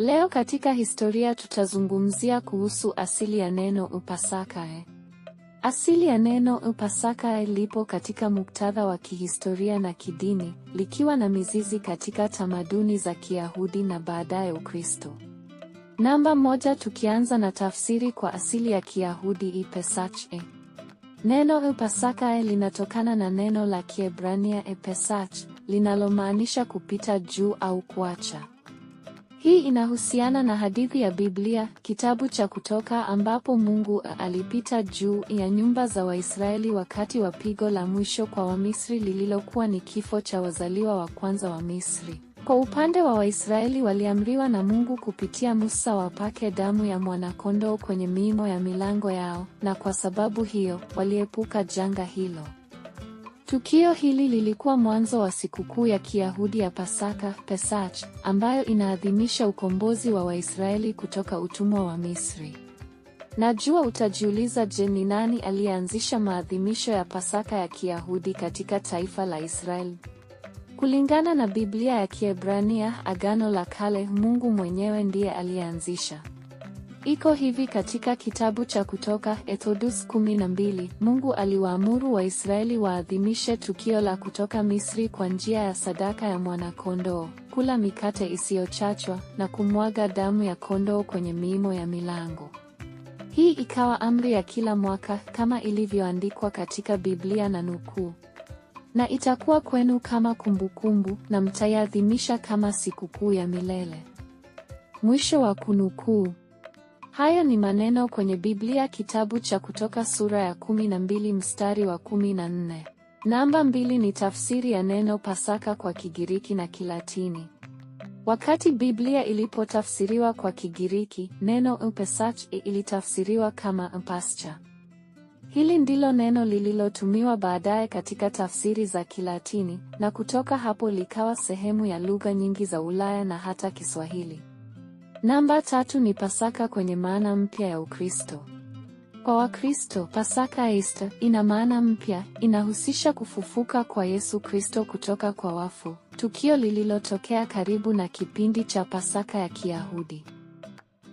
Leo katika historia tutazungumzia kuhusu asili ya neno upasakae. Asili ya neno upasakae lipo katika muktadha wa kihistoria na kidini, likiwa na mizizi katika tamaduni za Kiyahudi na baadaye Ukristo. Namba moja, tukianza na tafsiri kwa asili ya Kiyahudi ipesache. Neno upasakae linatokana na neno la Kiebrania epesach, linalomaanisha kupita juu au kuacha. Hii inahusiana na hadithi ya Biblia, kitabu cha Kutoka ambapo Mungu alipita juu ya nyumba za Waisraeli wakati wa pigo la mwisho kwa Wamisri lililokuwa ni kifo cha wazaliwa wa kwanza wa Misri. Kwa upande wa Waisraeli waliamriwa na Mungu kupitia Musa wapake damu ya mwanakondoo kwenye miimo ya milango yao, na kwa sababu hiyo waliepuka janga hilo. Tukio hili lilikuwa mwanzo wa sikukuu ya Kiyahudi ya Pasaka, Pesach, ambayo inaadhimisha ukombozi wa Waisraeli kutoka utumwa wa Misri. Najua utajiuliza, je, ni nani aliyeanzisha maadhimisho ya Pasaka ya Kiyahudi katika taifa la Israeli? Kulingana na Biblia ya Kiebrania, Agano la Kale, Mungu mwenyewe ndiye aliyeanzisha. Iko hivi katika kitabu cha Kutoka Exodus 12, Mungu aliwaamuru Waisraeli waadhimishe tukio la kutoka Misri kwa njia ya sadaka ya mwanakondoo, kula mikate isiyochachwa na kumwaga damu ya kondoo kwenye miimo ya milango. Hii ikawa amri ya kila mwaka kama ilivyoandikwa katika Biblia na nukuu. Na itakuwa kwenu kama kumbukumbu na mtaiadhimisha kama sikukuu ya milele. Mwisho wa kunukuu. Hayo ni maneno kwenye Biblia kitabu cha Kutoka sura ya 12 mstari wa 14 Namba mbili ni tafsiri ya neno Pasaka kwa Kigiriki na Kilatini. Wakati Biblia ilipotafsiriwa kwa Kigiriki, neno Pesach ilitafsiriwa kama Pascha. Hili ndilo neno lililotumiwa baadaye katika tafsiri za Kilatini, na kutoka hapo likawa sehemu ya lugha nyingi za Ulaya na hata Kiswahili. Namba tatu ni Pasaka kwenye maana mpya ya Ukristo. Kwa Wakristo, Pasaka Easter ina maana mpya, inahusisha kufufuka kwa Yesu Kristo kutoka kwa wafu, tukio lililotokea karibu na kipindi cha Pasaka ya Kiyahudi.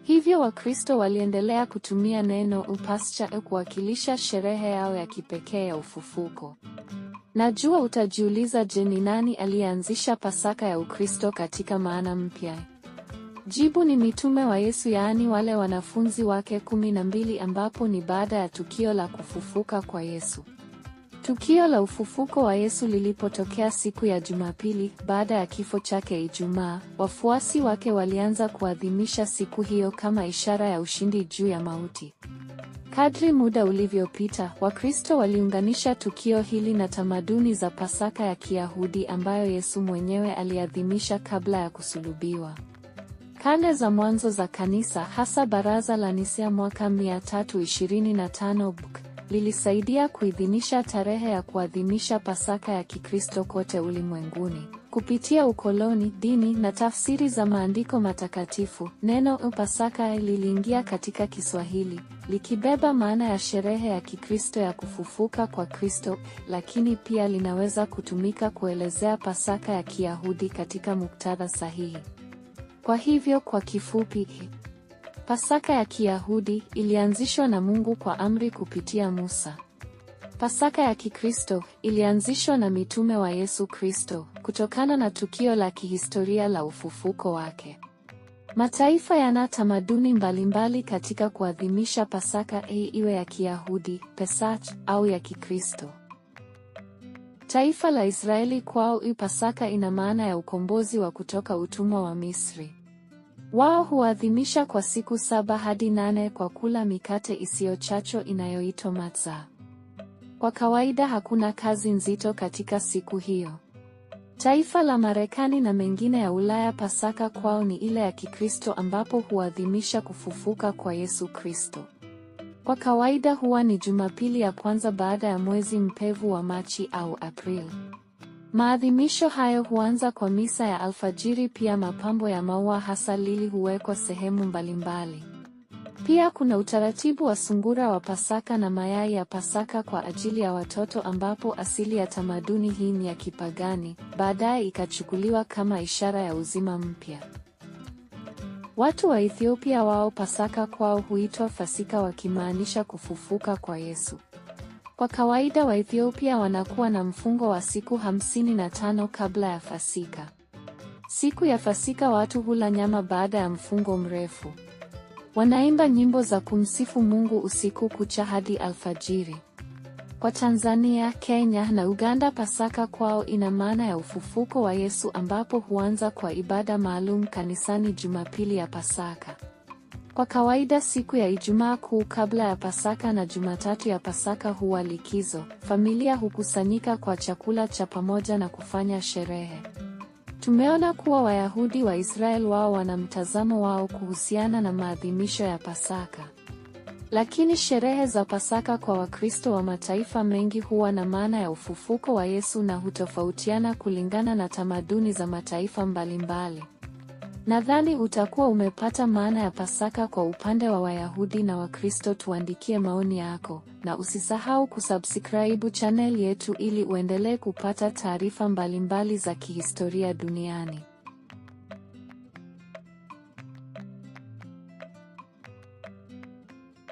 Hivyo Wakristo waliendelea kutumia neno upascha kuwakilisha sherehe yao ya kipekee ya ufufuko. Najua utajiuliza je, ni nani aliyeanzisha Pasaka ya Ukristo katika maana mpya? Jibu ni mitume wa Yesu yaani wale wanafunzi wake kumi na mbili ambapo ni baada ya tukio la kufufuka kwa Yesu. Tukio la ufufuko wa Yesu lilipotokea siku ya Jumapili baada ya kifo chake Ijumaa, wafuasi wake walianza kuadhimisha siku hiyo kama ishara ya ushindi juu ya mauti. Kadri muda ulivyopita, Wakristo waliunganisha tukio hili na tamaduni za Pasaka ya Kiyahudi ambayo Yesu mwenyewe aliadhimisha kabla ya kusulubiwa. Karne za mwanzo za kanisa hasa Baraza la Nisea mwaka 325 BK lilisaidia kuidhinisha tarehe ya kuadhimisha Pasaka ya Kikristo kote ulimwenguni. Kupitia ukoloni, dini na tafsiri za maandiko matakatifu, neno Pasaka liliingia katika Kiswahili, likibeba maana ya sherehe ya Kikristo ya kufufuka kwa Kristo, lakini pia linaweza kutumika kuelezea Pasaka ya Kiyahudi katika muktadha sahihi. Kwa hivyo kwa kifupi, Pasaka ya Kiyahudi ilianzishwa na Mungu kwa amri kupitia Musa. Pasaka ya Kikristo ilianzishwa na mitume wa Yesu Kristo kutokana na tukio la kihistoria la ufufuko wake. Mataifa yana tamaduni mbalimbali katika kuadhimisha Pasaka iwe ya Kiyahudi, Pesach au ya Kikristo. Taifa la Israeli kwao hii Pasaka ina maana ya ukombozi wa kutoka utumwa wa Misri. Wao huadhimisha kwa siku saba hadi nane kwa kula mikate isiyochacho inayoitwa matza. Kwa kawaida hakuna kazi nzito katika siku hiyo. Taifa la Marekani na mengine ya Ulaya Pasaka kwao ni ile ya Kikristo ambapo huadhimisha kufufuka kwa Yesu Kristo. Kwa kawaida huwa ni Jumapili ya kwanza baada ya mwezi mpevu wa Machi au Aprili. Maadhimisho hayo huanza kwa misa ya alfajiri. Pia mapambo ya maua hasa lili huwekwa sehemu mbalimbali. Pia kuna utaratibu wa sungura wa Pasaka na mayai ya Pasaka kwa ajili ya watoto, ambapo asili ya tamaduni hii ni ya kipagani, baadaye ikachukuliwa kama ishara ya uzima mpya. Watu wa Ethiopia wao Pasaka kwao huitwa Fasika, wakimaanisha kufufuka kwa Yesu. Kwa kawaida Waethiopia wanakuwa na mfungo wa siku hamsini na tano kabla ya Fasika. Siku ya Fasika watu hula nyama baada ya mfungo mrefu. Wanaimba nyimbo za kumsifu Mungu usiku kucha hadi alfajiri. Kwa Tanzania, Kenya na Uganda Pasaka kwao ina maana ya ufufuko wa Yesu ambapo huanza kwa ibada maalum kanisani Jumapili ya Pasaka. Kwa kawaida siku ya Ijumaa Kuu kabla ya Pasaka na Jumatatu ya Pasaka huwa likizo. Familia hukusanyika kwa chakula cha pamoja na kufanya sherehe. Tumeona kuwa Wayahudi wa Israel wao wana mtazamo wao kuhusiana na maadhimisho ya Pasaka. Lakini sherehe za Pasaka kwa Wakristo wa mataifa mengi huwa na maana ya ufufuko wa Yesu na hutofautiana kulingana na tamaduni za mataifa mbalimbali. Nadhani utakuwa umepata maana ya Pasaka kwa upande wa Wayahudi na Wakristo. Tuandikie maoni yako na usisahau kusubscribe channel yetu ili uendelee kupata taarifa mbalimbali za kihistoria duniani.